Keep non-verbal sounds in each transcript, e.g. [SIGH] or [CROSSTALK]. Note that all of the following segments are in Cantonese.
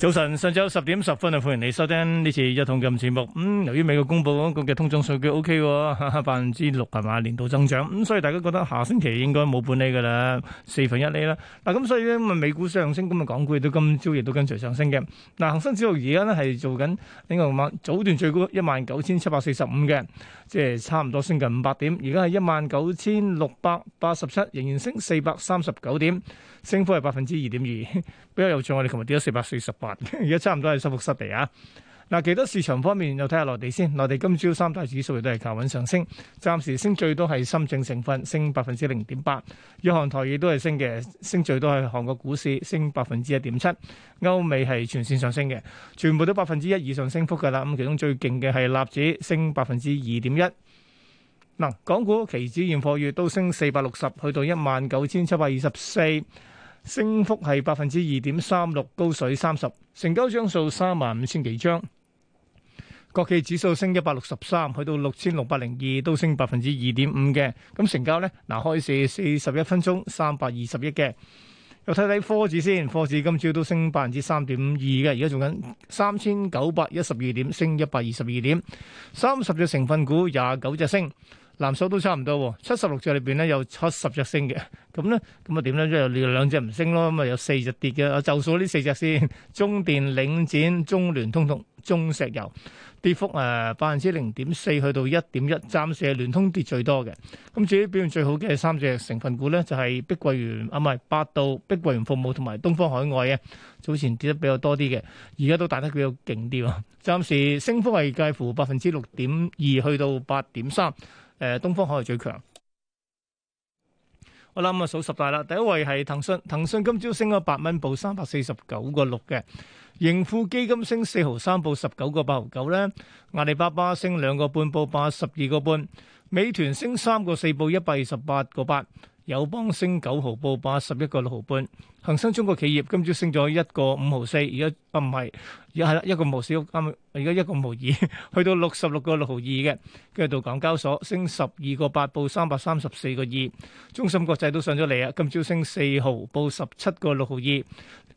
早晨，上晝十點十分啊，歡迎你收聽呢次一統金融節目。咁由於美國公布嗰個嘅通脹數據 O.K. 喎，百分之六係嘛，年度增長。咁所以大家覺得下星期應該冇半厘噶啦，四分一厘啦。嗱，咁所以咧，咁啊美股上升，咁啊港股亦都今朝亦都跟隨上升嘅。嗱，恒生指數而家咧係做緊呢個嘛早段最高一萬九千七百四十五嘅，即係差唔多升近五百點。而家係一萬九千六百八十七，仍然升四百三十九點，升幅係百分之二點二。因為又漲，我哋琴日跌咗四百四十八，而家差唔多係收復失地啊！嗱，其他市場方面又睇下內地先。內地今朝三大指數亦都係靠穩上升，暫時升最多係深證成分升百分之零點八，約翰台語都係升嘅，升最多係韓國股市升百分之一點七，歐美係全線上升嘅，全部都百分之一以上升幅噶啦。咁其中最勁嘅係納指升百分之二點一，嗱，港股期指現貨月都升四百六十，去到一萬九千七百二十四。升幅係百分之二點三六，高水三十，成交張數三萬五千幾張。國企指數升一百六十三，去到六千六百零二，都升百分之二點五嘅。咁成交呢，嗱開市四十一分鐘三百二十億嘅。又睇睇科指先，科指今朝都升百分之三點二嘅，而家做緊三千九百一十二點，升一百二十二點，三十隻成分股廿九隻升。藍籌都差唔多，七十六隻裏面咧有七十隻升嘅，咁咧咁啊點咧？有兩隻唔升咯，咁啊有四隻跌嘅。就數呢四隻先，中電、領展、中聯通同中石油，跌幅誒百分之零點四去到一點一。暫時係聯通跌最多嘅。咁至於表現最好嘅三隻成分股咧，就係碧桂園啊，唔係百度、碧桂園服務同埋東方海外啊，早前跌得比較多啲嘅，而家都打得比較勁啲啊。暫時升幅係介乎百分之六點二去到八點三。誒，東方海係最強，好，好啦，咁啊數十大啦。第一位係騰訊，騰訊今朝升咗八蚊，報三百四十九個六嘅。盈富基金升四毫三，報十九個八毫九咧。阿里巴巴升兩個半，報八十二個半。美團升三個四，報一百二十八個八。友邦升九毫，報八十一個六毫半。恒生中國企業今朝升咗一個五毫四，而家、啊、不唔係，而家係啦一個五毫四，而家一個五毫二，去到六十六個六毫二嘅。跟住到港交所升十二個八，報三百三十四個二。中芯國際都上咗嚟啊，今朝升四毫，報十七個六毫二。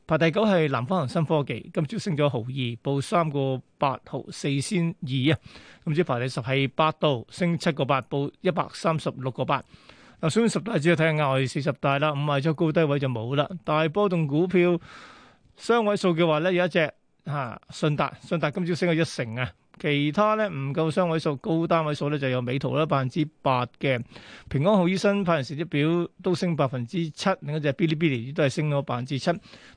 排第九係南方恒生科技，今朝升咗毫二，報三個八毫四先二啊。今朝排第十係百度，升七個八，報一百三十六個八。嗱，所以十大，只睇下，外市十大啦，五位咗高低位就冇啦。但係波動股票雙位數嘅話咧，有一隻嚇信達，信達今朝升咗一成啊。其他咧唔夠雙位數，高單位數咧就有美圖啦，百分之八嘅平安好醫生派完成績表都升百分之七，另一隻 Bilibili 都係升咗百分之七，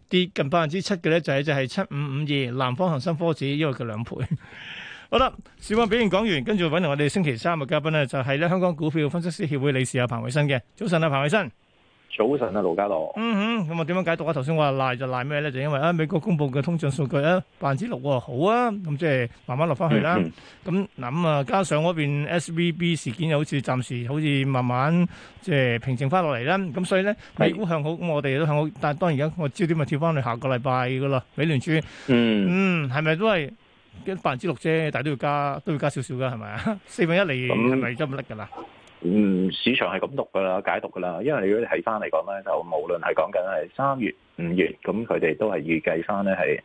跌近百分之七嘅咧就有一隻係七五五二南方恒生科技，因為佢兩倍。好啦，市況表現講完，跟住搵嚟，我哋星期三嘅嘉賓咧，就係、是、咧香港股票分析師協會理事阿彭偉新嘅。早晨啊，彭偉新。早晨啊，盧家樂。嗯哼，咁、嗯、啊，點樣解讀啊？頭先話賴就賴咩咧？就因為啊，美國公布嘅通脹數據啊，百分之六啊，好啊，咁即係慢慢落翻去啦。咁諗啊，加上嗰邊 S V B 事件又好似暫時好似慢慢即係平靜翻落嚟啦。咁所以咧，美股向好，咁我哋都向好。但係當而家我朝點咪跳翻去下個禮拜噶啦，美聯儲。嗯。嗯，係咪都係？跟百分之六啫，但係都要加，都要加少少噶，係咪啊？四分一厘，係咪執唔甩噶啦？嗯，市場係咁讀噶啦，解讀噶啦。因為如果你睇翻嚟講咧，就無論係講緊係三月、五月，咁佢哋都係預計翻咧係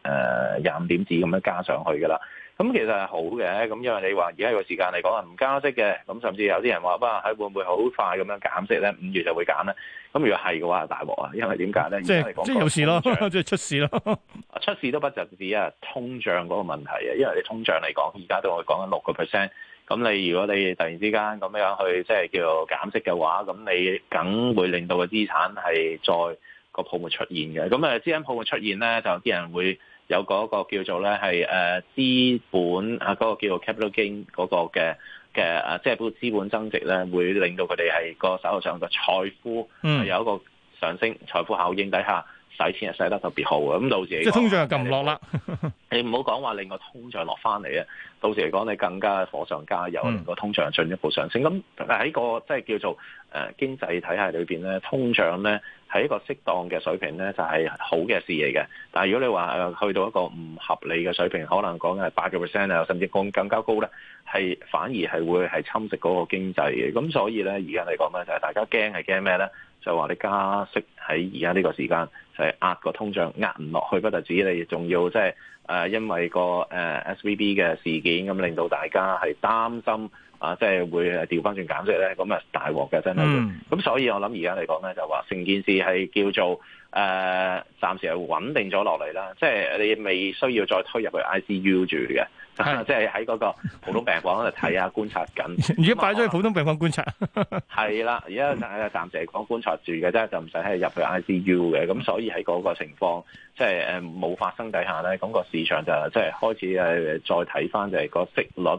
誒廿五點子咁樣加上去噶啦。咁其實係好嘅，咁因為你話而家個時間嚟講啊，唔加息嘅，咁甚至有啲人話哇，係會唔會好快咁樣減息咧？五月就會減咧，咁如果係嘅話，大鑊啊！因為點解咧？即係即係有事咯，即係出事咯，出事都不就止啊！通脹嗰個問題啊，因為你通脹嚟講，而家都係講緊六個 percent，咁你如果你突然之間咁樣去即係叫做減息嘅話，咁你梗會令到個資產係再個泡沫出現嘅。咁啊，資產泡沫出現咧，就有啲人會。有嗰個叫做咧係誒資本啊嗰、那個叫做 capital gain 嗰個嘅嘅誒，即係包括資本增值咧，會令到佢哋係個手頭上嘅財富係有一個上升財富效應底下。使錢係使得特別好，咁到時即係通脹撳唔落啦。你唔好講話令個通脹落翻嚟啊！到時嚟講，你， [LAUGHS] 你，說說你更加火上加油，令個通脹進一步上升。咁、嗯、喺個即係、就是、叫做誒、呃、經濟體系裏面咧，通脹咧喺一個適當嘅水平咧，就係、是、好嘅事嚟嘅。但係如果你話去到一個唔合理嘅水平，可能講係八個 percent 啊，甚至講更加高咧，係反而係會係侵蝕嗰個經濟嘅。咁所以咧，而家嚟講咧，就係大家驚係驚咩咧？就話你加息喺而家呢個時間，係壓個通脹壓唔落去不止，不特止你仲要即係誒，因為個誒 S V B 嘅事件咁，令到大家係擔心。啊，即係會調翻轉減息咧，咁啊大鑊嘅真係。咁、嗯、所以我諗而家嚟講咧，就話成件事係叫做誒，暫、呃、時係穩定咗落嚟啦。即係你未需要再推入去 I C U 住嘅，即係喺嗰個普通病房度睇下觀察緊。而家擺咗喺普通病房觀察。係啦，而家暫時係講觀察住嘅啫，就唔使係入去 I C U 嘅。咁所以喺嗰個情況，即係誒冇發生底下咧，咁，個市場就即係開始誒再睇翻，就係個息率。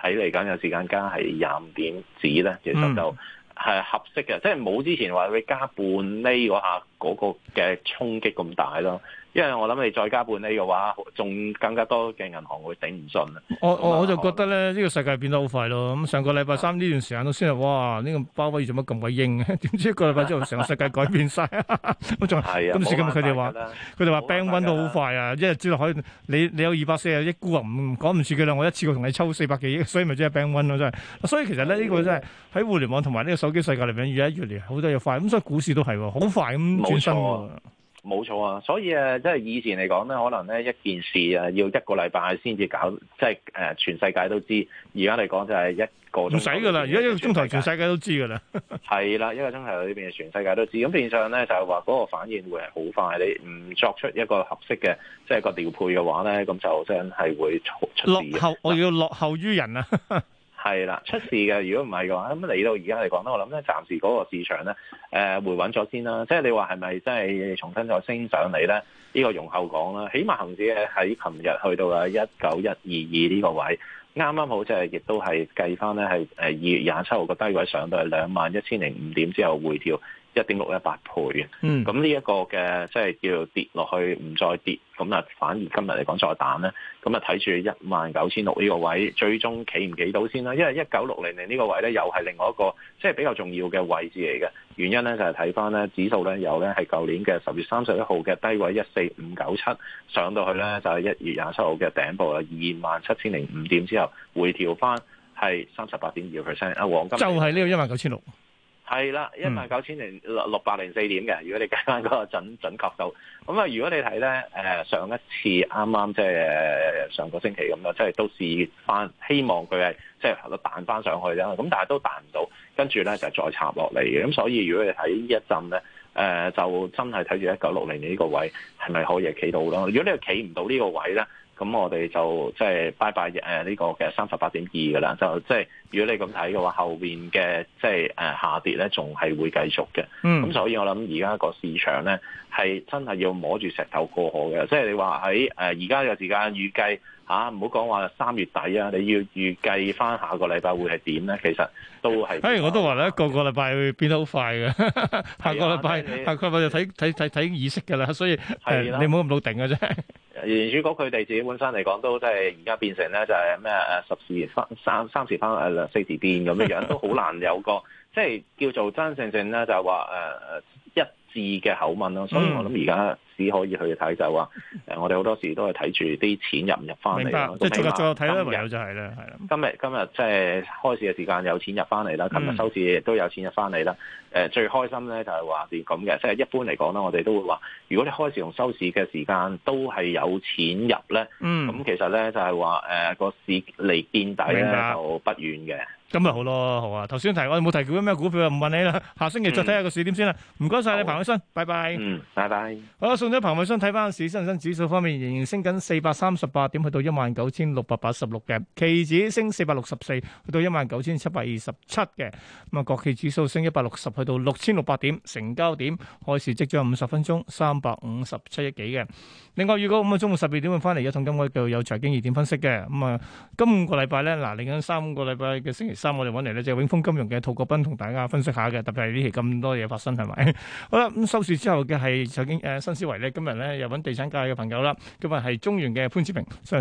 睇嚟緊有時間加係廿五點子咧，其實就係合適嘅、嗯，即係冇之前話會加半厘嗰下。嗰、那個嘅衝擊咁大咯，因為我諗你再加半厘嘅話，仲更加多嘅銀行會頂唔順啊！我我我就覺得咧，呢、這個世界變得好快咯。咁上個禮拜三呢段時間都先係哇，這個、麼麼呢個包威做乜咁鬼鷹嘅？點知一個禮拜之後成個世界改變晒。我仲係今次今日佢哋話，佢哋話 bank run 都好快啊！即係知道可以，你你有二百四啊億股啊，唔講唔住佢啦，我一次過同你抽四百幾億，所以咪即係 bank run 咯，真係。所以其實咧，呢、這個真係喺互聯網同埋呢個手機世界裏邊，越嚟越嚟好多嘢快。咁所以股市都係喎，好快咁。嗯冇錯啊，冇錯啊！所以誒，即係以前嚟講咧，可能咧一件事啊，要一個禮拜先至搞，即係誒，全世界都知。而家嚟講就係一個鐘唔使噶啦，而家一個鐘頭全,全,全世界都知噶啦。係 [LAUGHS] 啦，一個鐘頭裏邊全世界都知。咁變相咧就係話嗰個反應會係好快。你唔作出一個合適嘅，即係個調配嘅話咧，咁就真係會出落後，我要落後於人啊！ [LAUGHS] 係啦，出事嘅。如果唔係嘅話，咁嚟到而家嚟講咧，我諗咧暫時嗰個市場咧，誒、呃、回穩咗先啦、啊。即係你話係咪真係重新再升上嚟咧？呢、這個容後講啦。起碼恆指喺琴日去到啊一九一二二呢個位，啱啱好即係亦都係計翻咧係誒二月廿七號個低位上到係兩萬一千零五點之後回調。一點六一八倍嘅，咁呢一個嘅即係叫跌落去，唔再跌，咁啊反而今日嚟講再彈呢。咁啊睇住一萬九千六呢個位，最終企唔企到先啦。因為一九六零年呢個位呢，又係另外一個即係、就是、比較重要嘅位置嚟嘅。原因呢，就係睇翻呢指數呢，有呢係舊年嘅十月三十一號嘅低位一四五九七上到去呢，就係、是、一月廿七號嘅頂部啦，二萬七千零五點之後回調翻係三十八點二 percent。阿黃金就係、是、呢個一萬九千六。係啦，一萬九千零六六百零四點嘅。如果你計翻個準準確度，咁啊，如果你睇咧、呃，上一次啱啱即係上個星期咁咯，即、就、係、是、都試翻，希望佢係即係能彈翻上去啦。咁但係都彈唔到，跟住咧就是、再插落嚟嘅。咁所以如果你睇呢一陣咧，呃，就真係睇住一九六零呢個位係咪可以企到咯？如果你企唔到呢個位咧，咁我哋就即係拜拜誒呢個嘅三十八點二㗎啦，就即係如果你咁睇嘅話，後面嘅即係、呃、下跌咧，仲係會繼續嘅。嗯，咁所以我諗而家個市場咧係真係要摸住石頭過河嘅，即係你話喺而家嘅時間預計吓唔好講話三月底啊，你要預計翻下個禮拜會係點咧？其實都係。誒，我都話咧，嗯、個個禮拜會變得好快嘅， [LAUGHS] 下個禮拜下個禮拜就睇睇睇睇意識㗎啦，所以誒、呃，你唔好咁老定嘅啫。佢哋自己本身嚟講，都即係而家變成呢，就係咩誒十時翻三,三時翻誒四時變咁嘅樣，都好難有個即係叫做真正性呢，就、呃、話一字嘅口吻咯，所以我諗而家只可以去睇就話，誒、嗯呃、我哋好多時候都係睇住啲錢入唔入翻嚟啦。明白。即係再再睇咧，有，有就係、是、啦。今日今日即係開市嘅時間有錢入翻嚟啦，今日收市都有錢入翻嚟啦。誒、嗯呃、最開心咧就係話係咁嘅，即、就、係、是、一般嚟講啦，我哋都會話，如果你開市同收市嘅時間都係有錢入咧，咁、嗯、其實咧就係話誒個市離見底就不遠嘅。咁咪好咯，好啊！頭先提我冇提及咩股票啊，唔問你啦。下星期再睇下、嗯、個市點先啦。唔該晒。你，偉新，拜拜。嗯，拜拜。好啦，送咗彭偉新睇翻市，恒生指數方面仍然升緊四百三十八點，去到一萬九千六百八十六嘅，期指升四百六十四，去到一萬九千七百二十七嘅。咁啊，國企指數升一百六十，去到六千六百點。成交點開市即將五十分鐘，三百五十七億幾嘅。另外，如果咁啊，中午十二點會翻嚟一陣間繼續有財經熱點分析嘅。咁啊，今個禮拜咧，嗱，嚟緊三個禮拜嘅星期三，我哋揾嚟呢就永豐金融嘅涂國彬同大家分析下嘅，特別係呢期咁多嘢發生係咪？好啦。咁收市之後嘅係曾經誒新思維咧，今日咧又揾地產界嘅朋友啦，今日係中原嘅潘志明。